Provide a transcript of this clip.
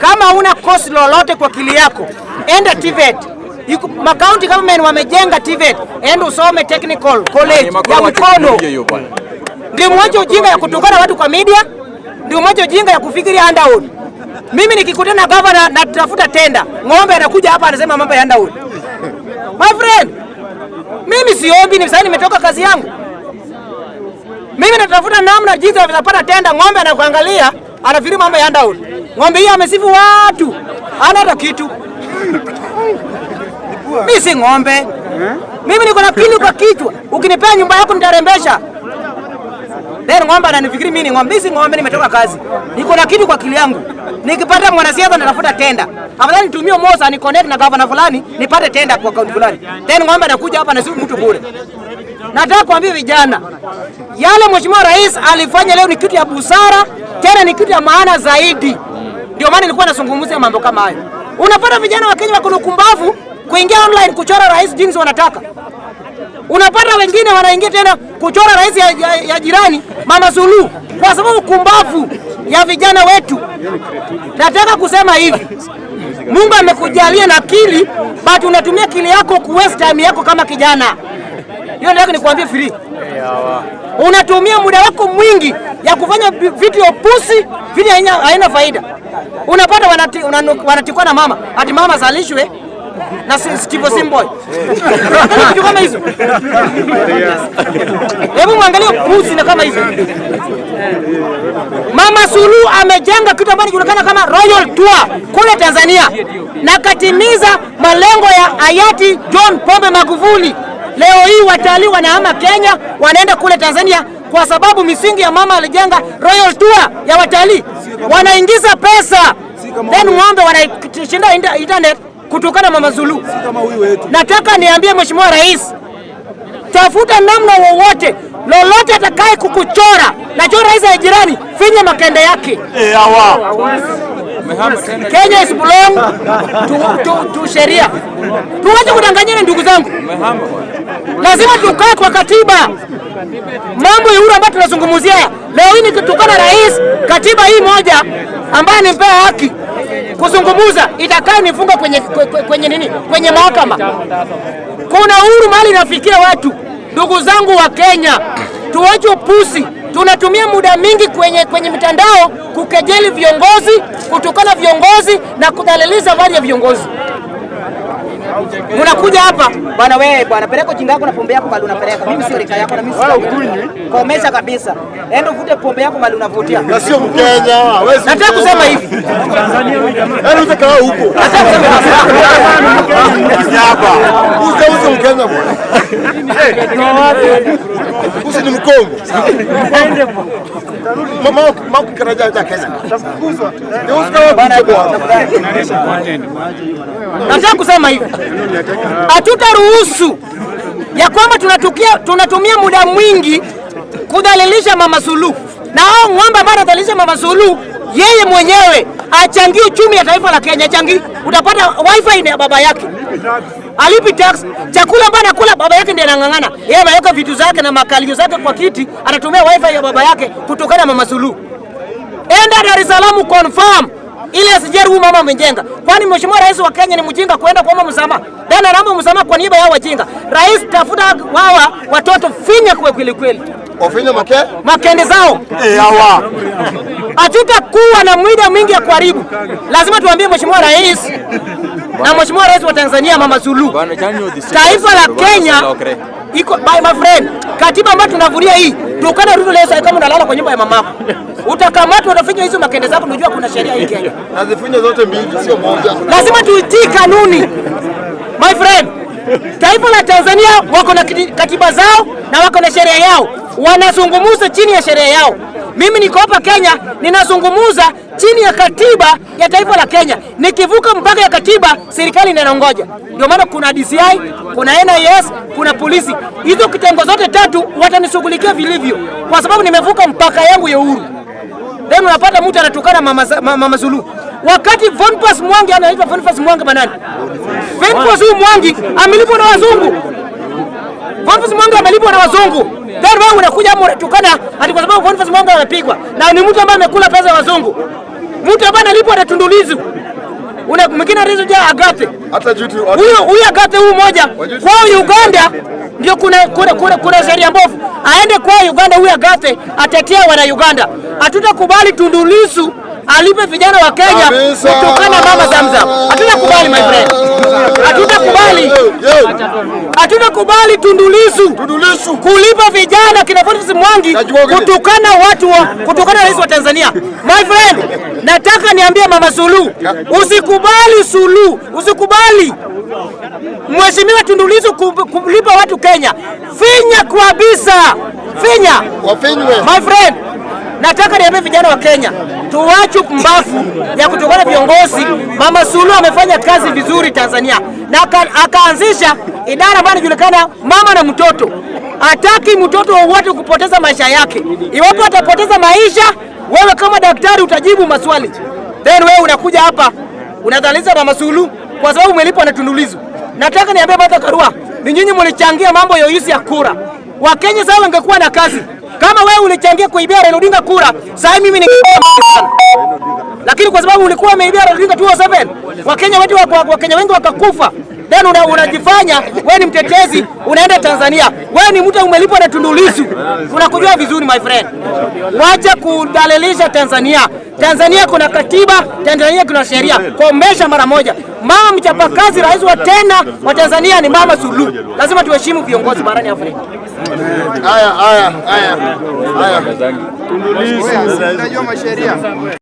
Kama una kosi lolote kwa akili yako, enda TVET. Makaunti government wamejenga TVET, enda usome technical college ya mkono. Ndio mmoja ujinga ya kutukana watu kwa media, ndio mmoja ujinga ya kufikiria underwood. Mimi nikikutana na governor na tutafuta tenda, ng'ombe anakuja hapa anasema mambo ya underwood. My friend, mimi siombi, ni sasa nimetoka kazi yangu. Mimi natafuta namna jinsi ya kupata tenda, ng'ombe anakuangalia, anafikiri mambo ya underwood. Ng'ombe hii amesifu watu, ana hata kitu. Mimi si ng'ombe, mimi niko na pili kwa kichwa. Ukinipea nyumba yako nitarembesha. Then ng'ombe ananifikiri mimi ni ng'ombe. Mimi si ng'ombe, nimetoka kazi, niko na kitu kwa akili yangu. Nikipata mwanasiasa natafuta tenda, afadhali nitumie Moza ni connect na gavana fulani nipate tenda kwa kaunti fulani, then ng'ombe anakuja hapa na si mtu bure. Nataka kuambia vijana, yale mheshimiwa rais alifanya leo ni kitu ya busara, tena ni kitu ya maana zaidi. Ndio maana nilikuwa nazungumzia mambo kama hayo. Unapata vijana wa Kenya wako kumbavu kuingia online kuchora rais jinsi wanataka. Unapata wengine wanaingia tena kuchora rais ya, ya, ya jirani Mama Zulu kwa sababu kumbavu ya vijana wetu. Nataka kusema hivi, Mungu amekujalia na akili, but unatumia akili yako ku time yako kama kijana. Hiyo ndio nikuambia free. Unatumia muda wako mwingi ya kufanya vitu ya pusi, vile haina faida. Unapata wanati, wanatikwa na mama ati mama zalishwe na Steve Simboy. Kitu kama hizo. Hebu mwangalie pusi na kama hizo. Mama Suluhu amejenga kitu ambacho kinajulikana kama Royal Tour kule Tanzania na katimiza malengo ya hayati John Pombe Magufuli. Leo hii watalii wanahama Kenya wanaenda kule Tanzania kwa sababu misingi ya mama alijenga Royal Tour ya watalii, wanaingiza pesa then ng'ombe wanashinda internet kutukana mama Zulu. Nataka niambie Mheshimiwa Rais, tafuta namna wowote lolote atakaye kukuchora na chora rais ya jirani, finya makende yake. Eh, Kenya is belong to, to, to sheria. Tuwache kudanganyana ndugu zangu lazima tukae kwa katiba. Mambo ya uhuru ambayo tunazungumzia leo hii nikitukana na rais, katiba hii moja ambaye nimpea haki kuzungumuza itakaa nifunga kwenye, kwenye nini, kwenye mahakama. Kuna uhuru mahali inafikia watu. Ndugu zangu wa Kenya, tuwache upusi. Tunatumia muda mingi kwenye, kwenye mitandao kukejeli viongozi, kutukana viongozi na kudaliliza hali ya viongozi. Unakuja hapa bwana, wewe bwana, peleka chinga yako na pombe yako mali unapeleka. Mimi sio rika yako na mimi sio komesha kabisa. Enda uvute pombe yako mali unavutia. Na sio Mkenya, hawezi. Nataka kusema hivi. Yaani huyu jamaa. Yaani huko. Nataka kusema hivi. Yaani yaani hapa. Uze uze Mkenya bwana. Usi ni Mkongo. bwana. Nataka kusema hivi, hatutaruhusu ya kwamba tunatukia tunatumia muda mwingi kudhalilisha Mama Suluhu na hao ng'ombe ambao anadhalilisha Mama Suluhu yeye mwenyewe achangie uchumi ya taifa la Kenya, achangie. Utapata wifi ni ya baba yake, alipi tax. Chakula ambayo anakula baba yake ndiye anang'ang'ana, yeye anaweka vitu zake na makalio zake kwa kiti, anatumia wifi ya baba yake kutokana na Mama Suluhu. Enda Dar es Salaam confirm ili huyu mama amejenga. Kwani mheshimiwa rais wa Kenya ni mjinga kwenda kuomba msamaha? Tena naomba msamaha kwa niaba ya wajinga. Rais, tafuta wawa watoto finya kwa kweli kweli. Ofinya make? Makende zao. Eh, hawa. Hatutakuwa na muda mwingi ya kuharibu. Lazima tuambie mheshimiwa rais na Mheshimiwa Rais wa Tanzania Mama Zulu, Taifa la Kenya iko by my friend, katiba ambayo tunavulia hii tukana Ruto leo, kama unalala kwa nyumba ya mamako utakamatwa, utafinya hizo makende zako. Unajua kuna sheria hii Kenya, nazifinya zote mbili, sio moja. Lazima tuitii kanuni my friend. Taifa la Tanzania wako na katiba zao na wako na sheria yao, wanazungumza chini ya sheria yao. Mimi niko hapa Kenya ninazungumuza chini ya katiba ya taifa la Kenya. Nikivuka mpaka ya katiba, serikali inaongoja. Ndio maana kuna DCI, kuna NIS, kuna polisi. Hizo kitengo zote tatu watanishughulikia vilivyo, kwa sababu nimevuka mpaka yangu ya uhuru. Then unapata mtu anatukana mama, mama, mama Zulu wakati Boniface Mwangi anaitwa Boniface Mwangi manani. Boniface Mwangi amelipwa na wazungu. Boniface Mwangi amelipwa na wazungu. Then wewe unakuja hapo unatukana ati kwa sababu Boniface Mwanga amepigwa na ni mtu ambaye amekula pesa ya wazungu, mtu ambaye analipwa na Tundu Lissu una mwingine Lissu ja Agathe. Hata jitu. huyo huyo Agathe huyu moja kwa Uganda ndio kuna kuna kuna, kuna sheria mbovu, aende kwa Uganda huyo Agathe atetea wana Uganda. Hatutakubali Tundu Lissu alipe vijana wa Kenya kutokana mama Zamzam. Hatutakubali my friend, hatutakubali, hatutakubali Tundu Lissu kulipa vijana kina Francis Mwangi kutokana watu wa kutokana rais wa Tanzania. My friend, nataka niambie mama Sulu, usikubali sulu usikubali Mheshimiwa Tundu Lissu kulipa watu Kenya. Finya kabisa, finya my friend. Nataka niambie vijana wa Kenya tuwache pumbavu ya kutokana viongozi. Mama Suluhu amefanya kazi vizuri Tanzania na akaanzisha idara ambayo inajulikana mama na mtoto. Hataki mtoto wowote kupoteza maisha yake. Iwapo atapoteza maisha, wewe kama daktari utajibu maswali, then wewe unakuja hapa unadhalisha mama Sulu kwa sababu umelipwa na Tundu Nataka niambie Martha Karua, ni nyinyi mlichangia mambo ya wizi ya kura. Wakenya sasa wangekuwa na kazi kama wewe ulichangia kuibia Raila Odinga kura, saa hii mimi ni Lakini kwa sababu ulikuwa umeibia Raila Odinga 2007, Wakenya wengi Wakenya wengi wakakufa. Then una, unajifanya wewe ni mtetezi, unaenda Tanzania. Wewe ni mtu umelipwa na Tundu Lissu. vizuri my friend. Wacha kudalilisha Tanzania. Tanzania kuna katiba, Tanzania kuna sheria. Kuombesha mara moja, mama mchapakazi, rais wa tena wa Tanzania ni Mama Suluhu. Lazima tuheshimu viongozi barani Afrika. Haya, haya, haya, haya. Tundu Lissu, unajua masheria